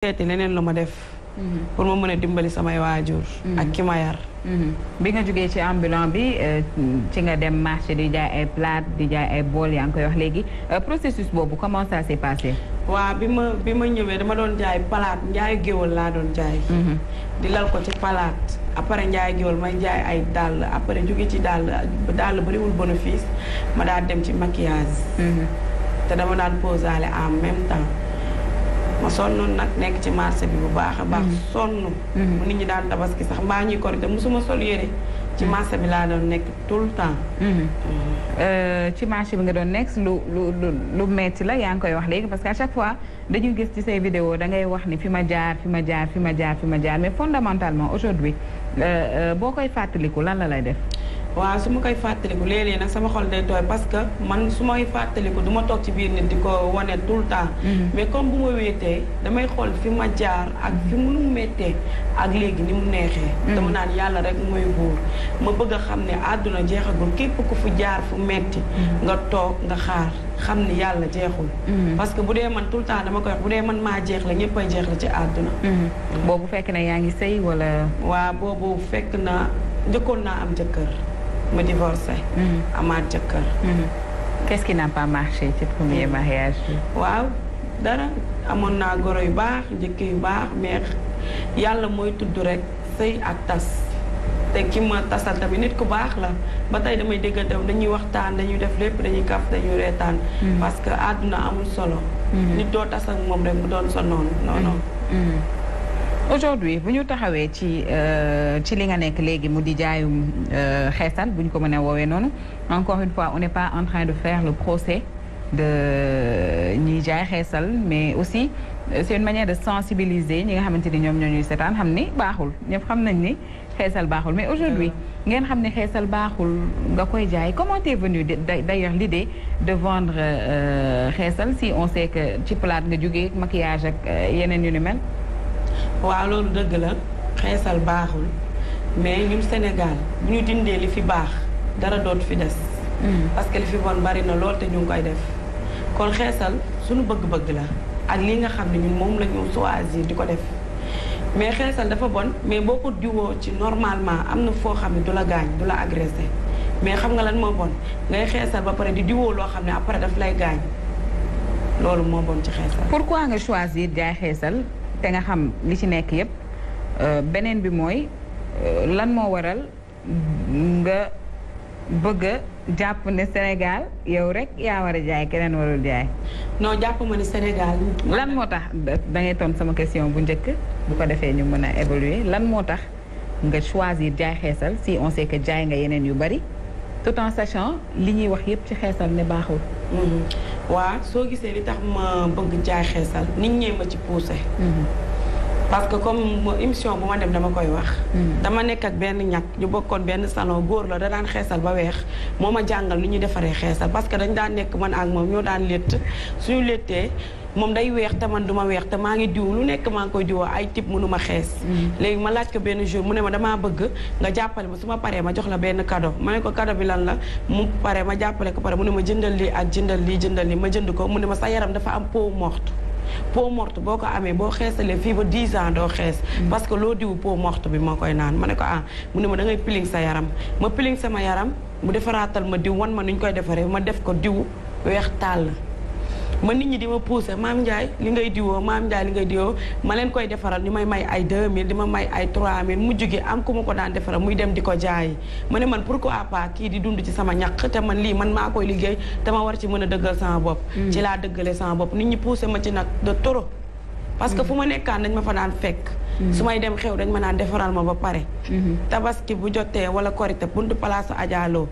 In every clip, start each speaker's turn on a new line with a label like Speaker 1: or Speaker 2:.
Speaker 1: seeti leneen lu ma def mhm. pour ma mën a dimbali samay waajur mhm. ak ki ma yar mhm. bi nga jógee ci ambulant bi euh, ci nga dem marché di jaay ay plate di jaay ay bool yaa ngi koy wax léegi euh, processus boobu comment ça s'est passé
Speaker 2: waaw bi ma bi ma ñëwee dama doon jaay palaat njaay géwal laa doon jaay di lal ko ci palaat après njaayu géwal may jaay ay dàll après jóge ci dàll dàll bariwul bénéfice ma daal dem ci maquillage te dama daan posaale en même temps ma sonnoon nag nekk ci marché bi bu baax a baax mm-hmm. sonn mm-hmm. nit ñi daal tabaski sax mbaa ñuy korite musuma sol yére ci
Speaker 1: mm-hmm. marché bi laa doon nekk tout le temps euh, ci marché bi nga doon nekk lu lu lu metti la yaa ngi koy wax léegi parce que à chaque fois dañuy gis ci say vidéo da ngay wax ni fi ma jaar fi ma jaar fi ma jaar fi ma jaar mais fondamentalement aujourd'hui euh, euh, boo koy fàttaliku lan la lay def
Speaker 2: waaw su ma koy fàttaliku léeg nag sama xol day tooy parce que man su may fàttaliku du ma toog ci biir nit di ko wane tout le temps. Mhm. mais comme bu ma wéetee damay xool fi ma jaar ak fi mu ak léegi ni mu neexee. Mhm. dama naan yàlla rek mooy buur ma bëgg xam ne àdduna jeexagul képp ku fu jaar fu metti mhm. nga toog nga xaar. xam ni yàlla jeexul. parce que bu dee man tout le dama koy wax bu dee man maa jeex la ñëpp ay jeex la ci àdduna.
Speaker 1: boobu fekk na yaa ngi sëy wala. waa boobu fekk na
Speaker 2: njëkkoon naa am jëkkër. mu divorcé. Mm-hmm. amaat jëkkër. Mm-hmm. qu'est-ce qui n'a pas marché ci premier mm-hmm. mariage bi. waaw dara amoon naa goro yu baax njëkk yu baax mais yàlla mooy tudd rek sëy ak tas te ki ma tasal tamit nit ku baax la ba tey damay déggante dañuy waxtaan dañuy def lépp dañuy kaf dañuy reetaan. parce que àdduna amul solo. nit doo tas moom rek mu doon sa noonu non
Speaker 1: aujourd'hui bu ñu taxawee ci euh, ci li nga nekk léegi mu di jaayum euh, xeesal bu ñu ko mën a woowee noonu encore une fois on n'est pas en train de faire le procès de euh, ñiy jaay xeesal mais aussi c'est une manière de sensibiliser ñi nga xamante ni ñoom ñooñu ñuy seetaan xam ni baaxul ñëpp xam nañ ni xeesal baaxul mais aujourd'hui ah ngeen xam ni xeesal baaxul nga koy jaay comment est day d'ailleurs l'idée de vendre xeesal si on sait que ci palaat nga jógee maquillage ak yeneen yu ni
Speaker 2: waaw loolu dëgg la xeesal baaxul mais ñun Sénégal bu ñu dindee li fi baax dara dootu fi des. Mm. parce que li fi bon bari na lool te ñu ngi koy def kon xeesal suñu bëgg-bëgg la ak lii nga xam ne ñun moom la ñu choisir di ko def mais xeesal dafa bon mais boo ko diwoo ci normalement am na foo xam ne du la gaañ du la agressé mais xam nga lan moo bon ngay xeesal ba pare di diwoo loo xam ne après daf lay gaañ loolu moo bon ci xeesal.
Speaker 1: pourquoi nga choisir jaay xeesal. te nga xam li ci nekk yépp euh, beneen bi mooy euh, lan moo waral nga bëgg a jàpp ne Sénégal yow rek yaa war a jaay keneen warul jaay. noo jàpp ma ne Sénégal. lan moo tax da ngay sama question bu njëkk bu ko defee ñu mën a évoluer lan moo tax nga choisir jaay xeesal si on sait jaay nga yeneen yu bari tout en sachant li ñuy wax yépp ci xeesal ne baaxul.
Speaker 2: Mm-hmm. waa soo gisee li tax ma bëgg jaay xeesal nit ñee ma ci poussé. Mhm. parce que comme émission bu ma dem dama koy wax. Mhm. dama nekk ak benn ñag ñu bokkoon benn salon góor la da daan xeesal ba weex moo ma jàngal lu ñuy defaree xeesal parce que dañ daan nekk man ak moom ñoo daan létt suñu léttee. moom day weex te man duma weex te maa ngi diw lu nekk maa ngi koy diwoo ay type mënu ma xees mm-hmm. léegi ma laaj ko benn jour mu ne ma damaa bëgg nga jàppale ma su ma paree ma jox la benn kado ma ne ko cadeau bi lan la mu pare ma jàppale ko pare mu ne ma jëndal lii ak jëndal lii jëndal lii ma jënd ko mu ne ma sa yaram dafa am peau morte peau morte boo ko amee boo xeesalee fii ba 10 ans doo xees mm-hmm. parce que loo diw peau morte bi moo koy naan ma ne ko ah mu ne ma dangay ngay piling sa yaram ma piling sama yaram mu defaraatal ma diw wan ma nuñ koy defaree ma def ko diw weex tàll ma nit ñi di ma pousser maam Ndiaye li ngay diwoo maam Ndiaye li ngay diwoo ma leen koy defaral ñu may may ay 2000 di ma may ay 3000 mujj gi am ku ma ko daan defaral muy dem di ko jaayi ma ne man pour pourquoi pas kii di dund ci sama ñaq te man lii man maa koy liggéey te ma war ci mën a dëggal sama bopp. Hmm. ci laa dëggale sama bopp nit ñi pousser ma ci nag de trop. parce que hmm. fu ma nekkaan nañ ma fa daan fekk. Mm-hmm. su may dem xew dañ ma naan defaral ma ba pare mm-hmm. tabaski bu jotee wala korite buntu palaasu ajaaloo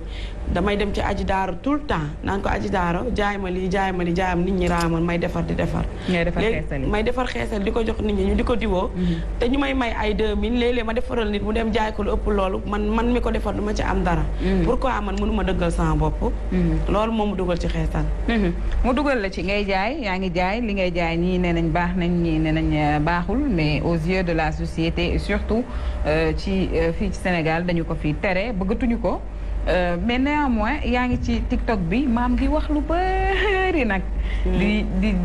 Speaker 2: damay dem ci aji daaro tout le temps naan ko aji daaro jaay ma li jaay ma lii jaayam nit ñi raamal may defar di defar
Speaker 1: léegi
Speaker 2: may defar xeesal di ko jox nit ñi ñu di ko diwoo mm-hmm. te ñu may may ay 2000 léeg-léeg ma defaral nit mu dem jaay ko lu ëpp loolu man mi ko defar du ma ci am dara ko man mënuma dëggal sama bopp loolu moom mu dugal ci xeesal
Speaker 1: mu dugal la ci ngay jaay yaa ngi jaay li ngay jaay ñii ne nañ baax nañ ñii nee nañ eh, baaxul mais aux yeux de la société et surtout euh, ci euh, fii ci Sénégal dañu ko fi tere bëggatuñu ko euh, mais néanmoins yaa ngi ci TikTok bi maam ngi wax lu bëri nag. Mm. di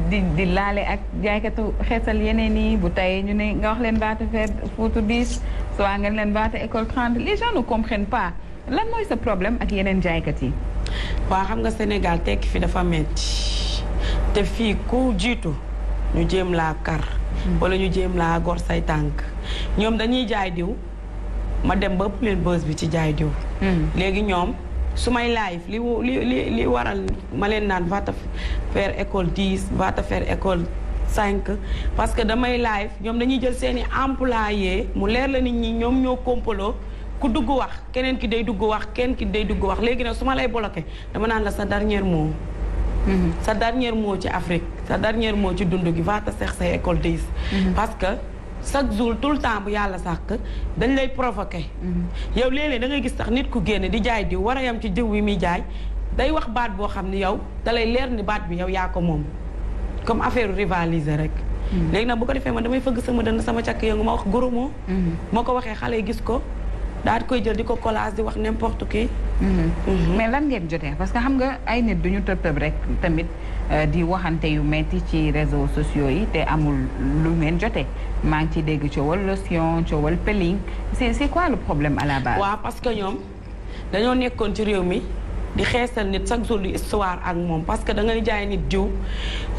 Speaker 1: di di laale ak jaaykatu xeesal yeneen yi bu tey ñu ne nga wax leen baatu fête Fouta 10 soit nga leen baatu école 30 les gens ne comprennent pas lan mooy sa problème ak yeneen jaaykat yi.
Speaker 2: waa xam nga Sénégal tekki fi dafa metti te fii ku jiitu ñu jéem laa kar. wala ñu jéem laa gor say tànk ñoom dañuy jaay diw ma dem ba ëpp leen bës bi ci jaay diw hmm. léegi ñoom su may live li waral ma leen naan va te école dix va te faire école cinq parce que damay live ñoom dañuy jël seeni employé mu leer la nit ñi ñoom ñoo kompaloo ku dugg wax keneen ki day dugg wax kenn ki day dugg wax léegi nag su ma lay bloqué dama naan la sa dernier moom Mm-hmm. sa dernier moo ci Afrique sa dernier mot ci dund gi va te seex say école de mm-hmm. parce que chaque jour tout le temps bu yàlla sàkk dañ lay provoqué. Mm-hmm. yow léeg-léeg da ngay gis sax nit ku génne di jaay diw war a yam ci diw wi muy jaay day wax baat boo xam ne yow da leer ni baat bi yow yaa ko moom comme affaire rivaliser rek. léegi nag bu ko defee ma damay fëgg sama dënn sama càkk yëngu ma wax goro moo. ko waxee xale yi gis ko. daal di koy jël di ko collage
Speaker 1: di wax n'importe qui. Mhm. Mhm. mais lan jotee parce que xam nga ay nit duñu tëb tëb rek tamit euh, di waxante yu metti ci réseaux sociaux yi te amul lu ngeen jotee maa ngi ciy dégg coowal lotion coowal peeling c'est c'est quoi le problème à la base. waaw
Speaker 2: parce que ñoom dañoo nekkoon ci réew mi. di xeesal nit chaque jour lu histoire ak moom parce que da jaay nit jiw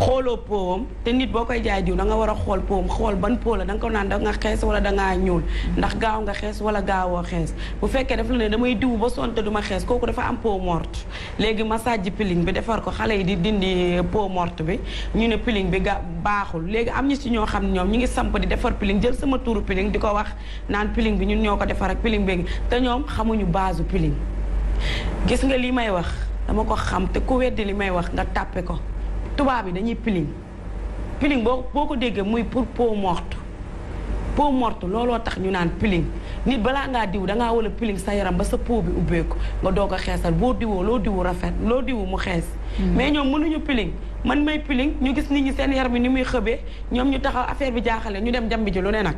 Speaker 2: xooloo powam te nit boo koy jaay jiw da nga war a xool powam xool ban po la da ko naan da nga xees wala da ngaa ñuul ndax gaaw nga xees wala gaawoo xees bu fekkee daf la ne damay diw ba sonte du ma xees kooku dafa am peau morte léegi massage pilin bi defar ko xale yi di dindi peau morte bi ñu ne peeling bi ga baaxul léegi am ñu si ñoo xam ñoom ñu ngi samp di defar peeling jël sama tuuru peeling di ko wax naan bi ñun ñoo ko defar ak peeling bi te ñoom xamuñu base peeling gis nga lii may wax dama ko xam te ku weddi li may wax nga tàppe ko tubaab yi dañuy piling piling boo boo ko déggee muy pour peau morte peau morte looloo tax ñu naan pilin nit balaa ngaa diw dangaa wala piling sa yaram ba sa peau bi ubbeeku nga doog a xeesal boo diwoo loo diwu rafet loo diwu mu xees mm-hmm. mais ñoom mënuñu piling man may piling ñu gis nit ñi seen yaram bi ni muy xëbee ñoom ñu taxaw affaire bi jaaxale ñu dem jambi ji lu ne nag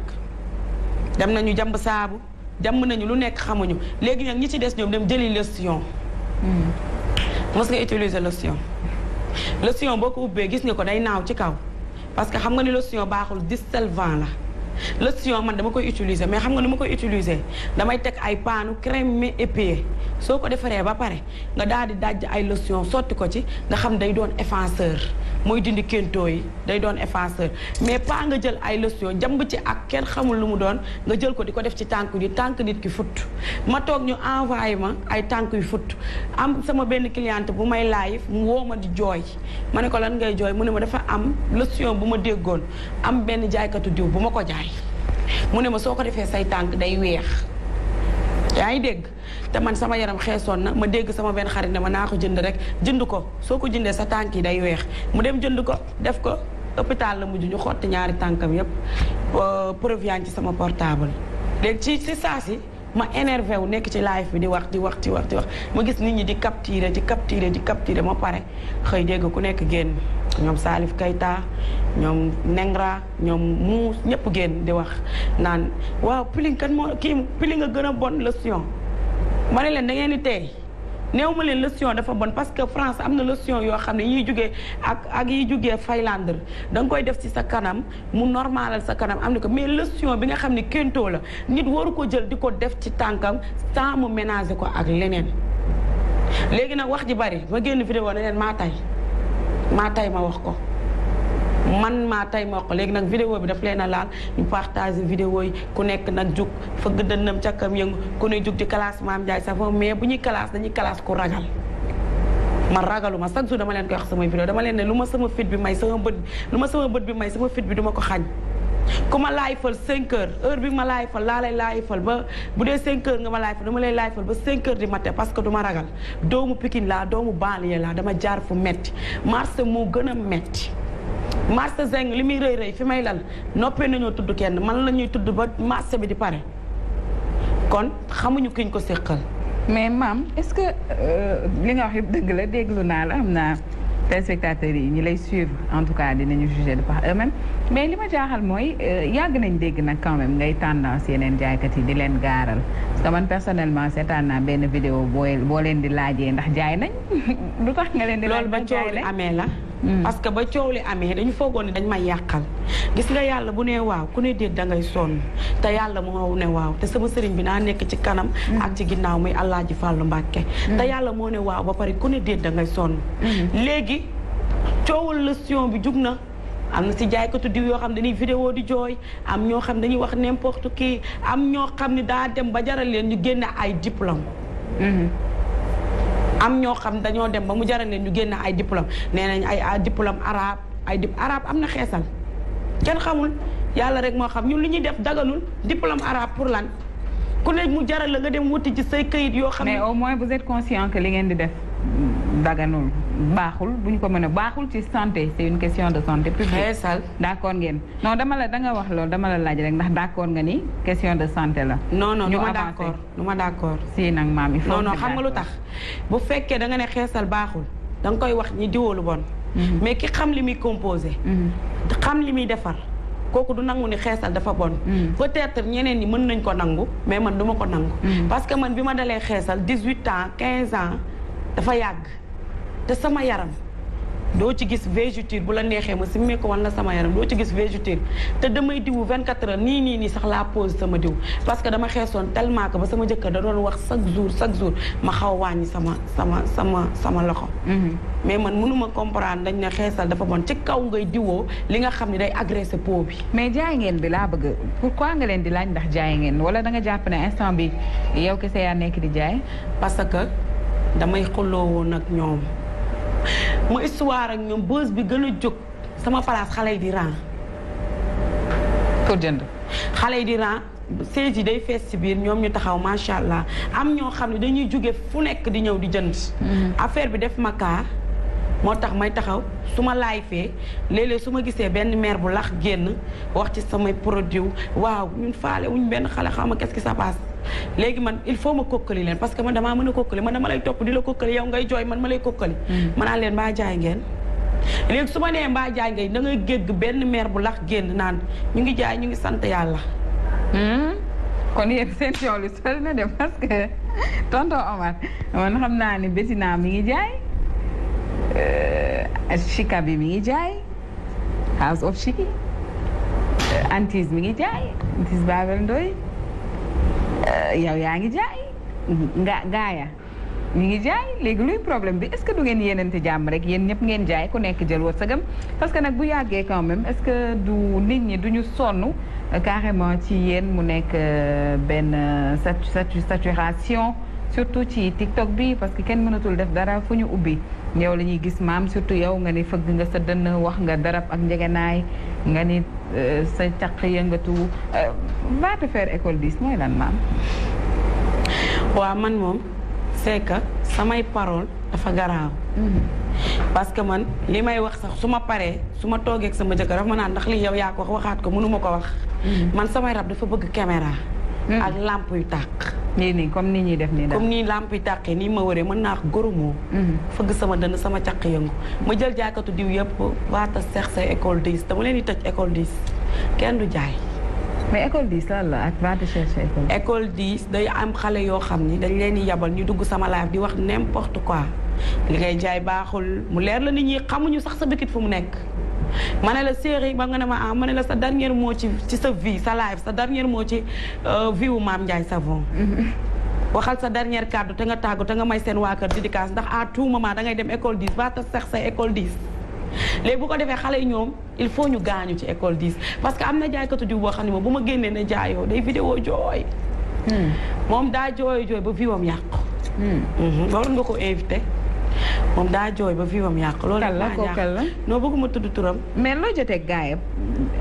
Speaker 2: dem nañu jamb saabu dem nañu lu nekk xamuñu léegi nag ñi ci des ñoom dem jëli lotion. Hmm. mos nga utiliser lotion. lotion boo ko ubbee gis nga ko day naaw ci kaw parce que xam nga ni lotion baaxul dissolvant la. lotion man dama koy utiliser mais xam nga nu ma koy utiliser damay teg ay paanu crème épieux soo ko defaree ba pare nga daal di dajj ay lotion sotti ko ci nga xam day doon effaceur. mooy dindi kéntoo yi day doon effaceur mais pas nga jël ay lotion jàmb ci ak kenn xamul lu mu doon nga jël ko di ko def ci tànk nit tànk nit ki fut ma toog ñu envoyé ma ay tànk yu fut am sama benn cliente bu may live mu woo ma di jooy ma ne ko lan ngay jooy mu ne ma dafa am lotion bu ma déggoon am benn jaaykatu diw bu ma ko jaay mu ne ma soo ko defee say tànk day weex yaa ngi dégg te man sama yaram xeesoon na ma dégg sama benn xarit ne ma naa ko jënd rek jënd ko soo ko jëndee sa tànk yi day weex mu dem jënd ko def ko hôpital la mujj ñu xotti ñaari tànkam yépp proviant ci sama portable léegi ci ci saa ma énervé wu nekk ci live bi di wax di wax di wax di wax ma gis nit ñi di capturé di capturé di capturé ma pare xëy dégg ku nekk génn ñoom Salif Keita ñoom Nengra ñoom Mous ñëpp génn di wax naan waaw pili kan moo kii pili nga gën a bon leçon ma ne leen da ngeen di tey néew ma leen leçon dafa bon parce que France am na leçon yoo xam ne yiy jugee ak ak yiy jugee Finlande da koy def ci sa kanam mu normalal sa kanam am na ko mais leçon bi nga xam ne kentoo la nit waru ko jël di ko def ci tànkam sans mu ménager ko ak leneen. léegi nag wax ji bari ma génn vidéo na leen maa tay maa tay ma wax ko. man maa tey moo ko léegi nag vidéo bi daf leen a laal ñu partage video yi ku nekk nag jug fëgg nam ca kam yëngu ku ne jug di classe Mame Ndiaye Savon mais bu ñuy kalaas dañuy classe ku ragal man ragaluma chaque jour dama leen koy wax samay vidéo dama leen ne lu ma sama fit bi may sama bët lu ma sama bët bi may sama fit bi duma ko xañ ku ma laay fal 5 heures heure bi ma laay fal laa lay laay fal ba bu dee 5 heures nga ma laay fal dama lay laay fal ba 5 di du parce que du ma doomu Pikine laa doomu banlieue laa dama jaar fu metti marché moo gën a metti marché zeng li muy rëy rëy fi may lal noppee nañoo tudd kenn man la ñuy tudd ba marché bi di pare kon xamuñu kiñ ko séqal
Speaker 1: mais maam est-ce que euh, li nga wax yëpp dëgg la déglu naa la am naa téléspectateurs yi ñi lay suivre en tout cas dinañu juger de par eux-mêmes mais li ma jaaxal mooy euh, yàgg nañ dégg nag quand même ngay tendance yeneen jaaykat yi di leen gaaral parce que man personnellement seetaan naa benn vidéo boo boo leen di laajee ndax jaay nañ lu tax nga leen di amee
Speaker 2: la Mm. parce que ba coow li amee dañu foogoon ne dañ may yàqal gis nga yàlla bu ne waaw ku ne déet da ngay sonn te yàlla moo ne waaw te sama sëriñ bi naa nekk ci kanam mm. ak ci ginnaaw muy Alaaji Fàllu Mbàkke te mm. yàlla moo ne waaw ba pare ku ne déet da ngay sonn léegi coowul lesion bi jug na am na si jaaykatu diw yoo xam dañuy vidéo di jooy am ñoo xam dañuy wax n'importe kii am ñoo xam ne daa dem ba jaral leen ñu génn ay diplôme mm-hmm. am ñoo xam dañoo dem ba mu jaral leen ñu génn ay diplôme nee nañ ay diplôme arabe ay di araab am na xeesal kenn xamul yàlla rek moo xam ñun li ñuy def daganul diplôme arabe pour lan ku ne mu jaral la nga dem wuti ci say kayit
Speaker 1: yoo xam ne mais au moins vous êtes conscient que li ngeen di def daganul baaxul bu ñu ko mën a baaxul ci santé c'est une question de santé publique d'accord ngeen non dama la da nga wax loolu dama la laaj rek ndax d'accord nga ni question de santé la non non du ma d'accord du ma d'accord si nag maam il faut non non xam nga
Speaker 2: lu tax bu fekkee da nga xeesal baaxul da nga koy wax ñi diwoolu bon mhm. mais ki xam li muy composé mhm. xam li muy defar kooku du nangu ni xeesal dafa bon mhm. peut-être ñeneen ñi mën nañ ko nangu mais man du ma ko nangu parce que man bi ma dalee xeesal dix-huit ans quinze ans dafa yàgg te sama yaram doo ci gis végéture bu la neexee ma si mee ko wan sama yaram doo ci gis végéture te damay diwu vingt 24 heures nii nii nii sax la pose sama diw parce que dama xeesoon tellement que ba sama jëkkër da doon wax chaque jour chaque jour ma xaw wàññi sama sama sama sama loxo. Mm-hmm. mais man mënuma comprendre dañ ne xeesal dafa bon ci kaw ngay diwoo li nga xam ni day agressé peau bi.
Speaker 1: mais jaay ngeen bi laa bëgg pourquoi nga leen di laaj ndax jaay ngeen wala da nga jàpp bi yow kese yaa nekk di jaay. parce que
Speaker 2: damay xolloo woon ak ñoom. ma histoire ak ñoom bës bi gën a jóg sama place xale yi di rang. pour jënd. xale yi di rang sees yi day fees si biir ñoom ñu taxaw macha allah am ñoo xam ne dañuy jóge fu nekk di ñëw di jënd. Mm-hmm. affaire bi def ma kaa moo tax may taxaw su ma laay fee léeg-léeg su ma gisee benn mère bu lax génn wax ci samay produit waaw ñun faale wuñ benn xale xaw ma qu'est-ce qui se léegi man il faut ma kokkali leen parce que man damaa mën a kokkali man dama lay topp di la kokkali yow ngay jooy man ma lay kokkali mm. manaa leen mbaa jaay ngeen léegi su ma nee mbaa jaay ngeen dangay ngay benn meer bu lax génn naan ñu ngi jaay ñu ngi
Speaker 1: sant yàlla mm. kon yéen seen yoon lu de parce que tonton Omar man xam naa ne Bettina mi ngi jaay euh, Chika bi mi ngi jaay House of Chiki euh, Antis mi ngi jaay Antis Babel Ndoye Eh, yow yaa ngi jaay mhm, nga ya ñu ngi jaay léegi luy problème bi est-ce que du ngeen yéenante jàmm rek yéen ñëpp ngeen jaay ku nekk jël wërsëgam parce que nag bu yàggee quand même est-ce que du nit ñi du ñu sonn euh, carrément ci yéen mu nekk euh, benn euh, saturation surtout ci TikTok bi parce que kenn mënatul def dara fu ñu ubbi yow la ñuy gis maam surtout yow nga ni fëgg nga sa dënn wax nga darab ak njege njegenaay nga ni euh, sa caq yëngatu euh, va te faire école dis mooy lan maam waaw man
Speaker 2: moom c'est que samay parole dafa garaaw mm-hmm. parce que man li may wax sax su ma paree su ma toogee ak sama jëkkër dafa ma naan ndax lii yow yaa ko wax waxaat ko mënuma ko wax mm-hmm. man samay rab dafa bëgg caméra mm-hmm. ak làmp yu tàkk nii
Speaker 1: nii comme ni ñuy def nii daal
Speaker 2: comme làmp yi tàqee nii ma waree mën naa ko goromoo mm-hmm. fëgg sama dënn sama caq yëngu ma jël jaaykatu diw yëpp waata seex say école dix dama leen di tëj école dix kenn du jaay
Speaker 1: mais école dix lan ak vaata seex say école
Speaker 2: école day am xale yoo xam ni dañ leen di yabal ñu dugg sama live di wax n'importe quoi li ngay jaay baaxul mu leer la nit ñi xamuñu sax sa bëkkit fu mu nekk ma ne la série ba nga ne ma ah ma ne la sa dernier mot ci ci sa vie sa life sa dernier mot ci euh, vie wu Mame Ndiaye Savon mm-hmm. waxal sa dernière kàddu te nga tàgg te nga may seen waa kër dédicace ndax à tout moment dangay dem école 10 va te sax sa école 10. léegi bu ko defee xale yi ñoom il faut ñu gaañu ci école 10 parce que am na jaaykatu diw boo xam ne ma bu ma génnee ne jaayoo day vidéo jooy. Mm. moom daa jooy jooy ba vie yàqu. Mm. Mm-hmm. waroon nga ko invité. moom daa jooy ba fii moom yàq loolu la la
Speaker 1: noo bëgguma tuddu turam mais loo jotee gaayam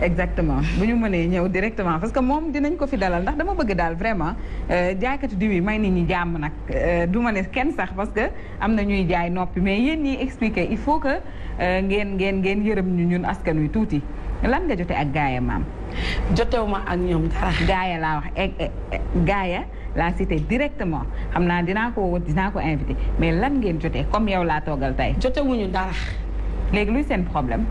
Speaker 1: exactement bu ñu mënee ñëw directement parce que moom dinañ ko fi dalal ndax dama bëgg daal vraiment euh, jaaykatu diw yi may nit ñi jàmm nag euh, du ma ne kenn sax parce que am na ñuy jaay noppi mais yéen ñiy expliquer il faut que euh, ngeen ngeen ngeen yërëm ñu ñun askan wi tuuti lan nga jote ak gaaya maam jotewuma ak ñoom dara gaaya laa wax e, e, e, gaaya la cité directement xam naa dinaa ko woo dinaa ko invité mais lan ngeen jote comme yow laa toogal tey. jotewuñu dara. léegi luy seen problème.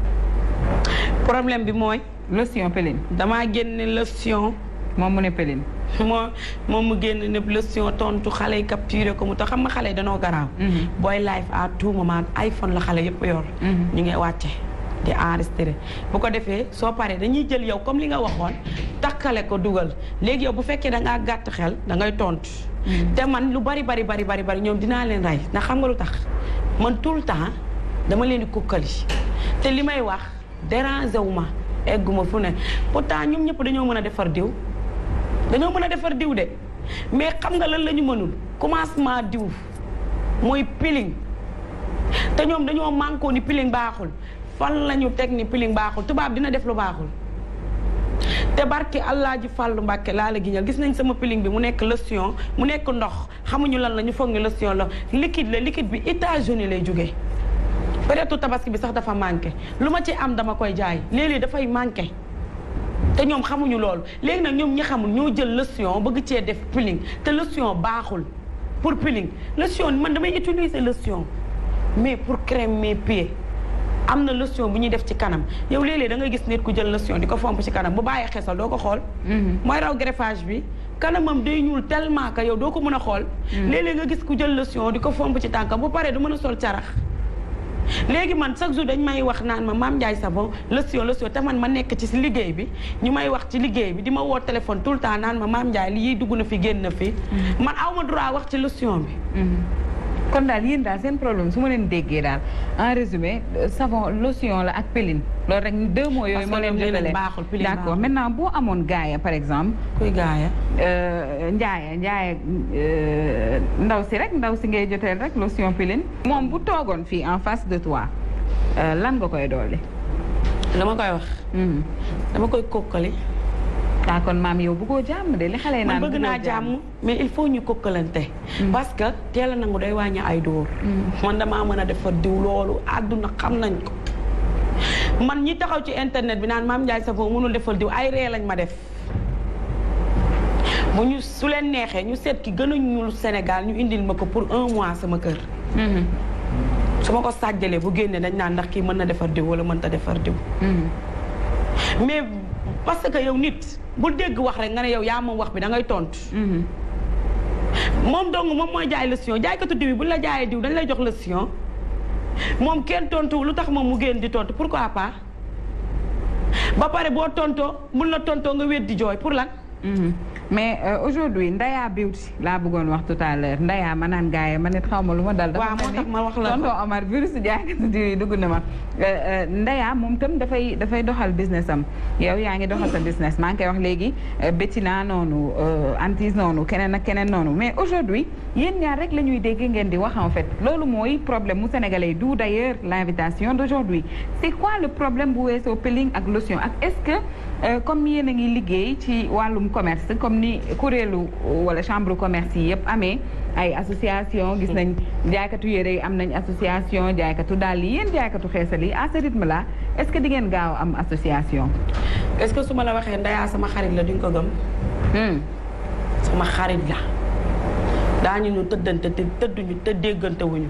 Speaker 1: problème bi mooy. lession Péline. damaa génne
Speaker 2: lotion. moom mu ne Péline. moo moom mu génn ne lotion tontu xale yi capturé ko mu tax xam nga xale yi danoo garaaw. Mm-hmm. booy live à tout moment iPhone la xale yëpp yor. Mm-hmm. ñu ngi wàcce. di enregistré bu ko defee soo paree dañuy jël yow comme li nga waxoon takkale ko dugal léegi yow bu fekkee da ngaa gàtt xel dangay tontu. Mm. te man lu bari bari bari bari bari ñoom dinaa leen rey ndax xam nga lu tax man tout le temps dama leen di kukkali te li may wax déranger wu ma egguma fu ne temps ñoom ñëpp dañoo mën a defar diw dañoo mën a defar diw de mais xam nga lan la ñu mënul commencement diw mooy peeling te ñoom dañoo mànkoo ni peeling baaxul fan la ñu teg ni piling baaxul tubaab dina def lu baaxul te barki allah ji fàllu mbàkke laa la giñal gis nañ sama piling bi mu nekk lotion mu nekk ndox xamuñu lan la ñu foog ni lotion la liquide la liquide bi États-Unis lay jóge peut-être tabaski bi sax dafa manqué lu ma ci am dama koy jaay léeg-léeg dafay manqué te ñoom xamuñu loolu léegi nag ñoom ñi xamul ñoo jël lotion bëgg cee def peeling te lotion baaxul pour peeling lotion man damay utiliser lotion mais pour crème mes pieds am na lotion bu ñuy def ci kanam yow léeg-léeg da gis nit ku jël lession di ko fomp ci kanam bu bàyyee xeesal doo ko xool mhm. mooy raw greffage bi kanamam day ñuul tellement que yow doo ko mën a xool mhm. léeg-léeg nga gis ku jël lotion di ko fomp ci tànkam bu paree du man a sol carax léegi man chaque jour dañ may wax naan ma maam Ndiaye Savon lotion lotion te man ma nekk ci liggéey bi ñu may wax ci liggéey bi di ma woo téléphone tout le temps naan ma maam Ndiaye lii dugg na fi génn na fi mhm. man aw ma wax ci lotion
Speaker 1: bi kon daal yéen daal seen problème su ma leen déggee daal en résumé savon lotion la ak péline loolu rek deux mots yooyu moo leen jëfale d' accord maintenant boo amoon gaaya par exemple kuy gaaya euh, njaaya njaaya euh, ndaw si rek ndaw si ngay joteel rek lotion péline moom bu toogoon fii en face de toi euh, lan nga koy doole dama koy wax hmm. dama koy kokkali daa kon maam yow bëggoo jàmm de li xale yi naan bëgg naa jàmm mais il faut ñu kokkalante mm. parce
Speaker 2: que teel a nangu day wàññi ay dóor mm. man damaa mën a defar diw loolu àdduna xam nañ ko man ñi taxaw ci internet bi naan maam Ndiaye Savon mënul defal diw ay ree lañ ma def bu ñu su leen neexee ñu seet ki gën a ñuul Sénégal ñu indil ma ko pour un mois sama kër mm-hmm. su ma ko sàjjalee bu génnee dañ naan ndax kii mën na defar diw wala mën ta defar diw mm-hmm. mais parce que yow nit bu dégg wax rek nga ne yow yaa moom wax bi da ngay tontu. Mhm. moom dong moom mooy jaay lotion jaaykatu diw bi bu la jaayee diw dañ lay jox lotion moom kenn tontu lu tax moom mu génn di tontu pourquoi pas ba pare boo tontoo mun la tontoo nga wéet di
Speaker 1: jooy pour lan. Mhm. mais euh, aujourd'hui Ndaya Beauty laa bëggoon wax tout à Ndaya ma naan gaay ma nit xaw ma lu ma dal. waaw moo tax ma wax la tonton Omar virus jaakatu euh, euh, moom tam dafay dafay doxal business am yow yaa ngi doxal sa business maa ngi koy wax léegi Bettina noonu Antis noonu keneen ak keneen noonu mais aujourd'hui yéen ñaar rek la ñuy dégg ngeen di wax en fait loolu mooy problème mu sénégalais d'où d'ailleurs l'invitation d'aujourd'hui c'est quoi le problème bu weesoo peeling ak ak est-ce que comme yéen a ngi liggéey ci wàllum commerce comme ni kuréelu euh, wala chambre commerce yi yëpp amee ay association gis nañ jaaykatu yére yi am nañ association jaaykatu dàll yi yéen jaaykatu xeesal yi à ma la là est-ce que di ngeen gaaw am association. est-ce que su ma la waxee Ndeya sama xarit
Speaker 2: la di duñ ko gëm. Hmm. sama xarit la daa ñu tëddante te tëdduñu te déggante wuñu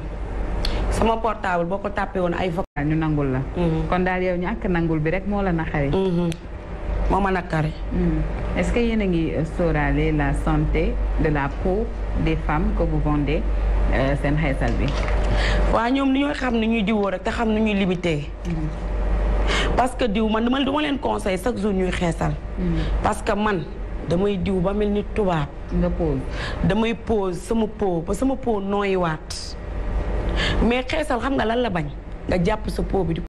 Speaker 1: sama portable boo ko tàppee woon ay vocal ñu nangul la. Hmm. kon daal yow ñàkk nangul bi rek moo la naxaree. Hmm. moo mën a kare. Hmm. est-ce que yéen a ngi euh, sóoraale la santé de la peau des femmes que vous vendez euh, seen xeesal bi.
Speaker 2: waaw ñoom ni ñoo xam ni ñuy diwoo rek te xam ni ñuy limité. Hmm. parce que diw man dama duma leen conseil chaque jour ñuy xeesal. Hmm. parce que man damay diw ba mel ni tubaab. nga pose damay pose sama po ba sama
Speaker 1: po nooy waat mais xeesal xam nga lan la bañ nga jàpp sa peau bi.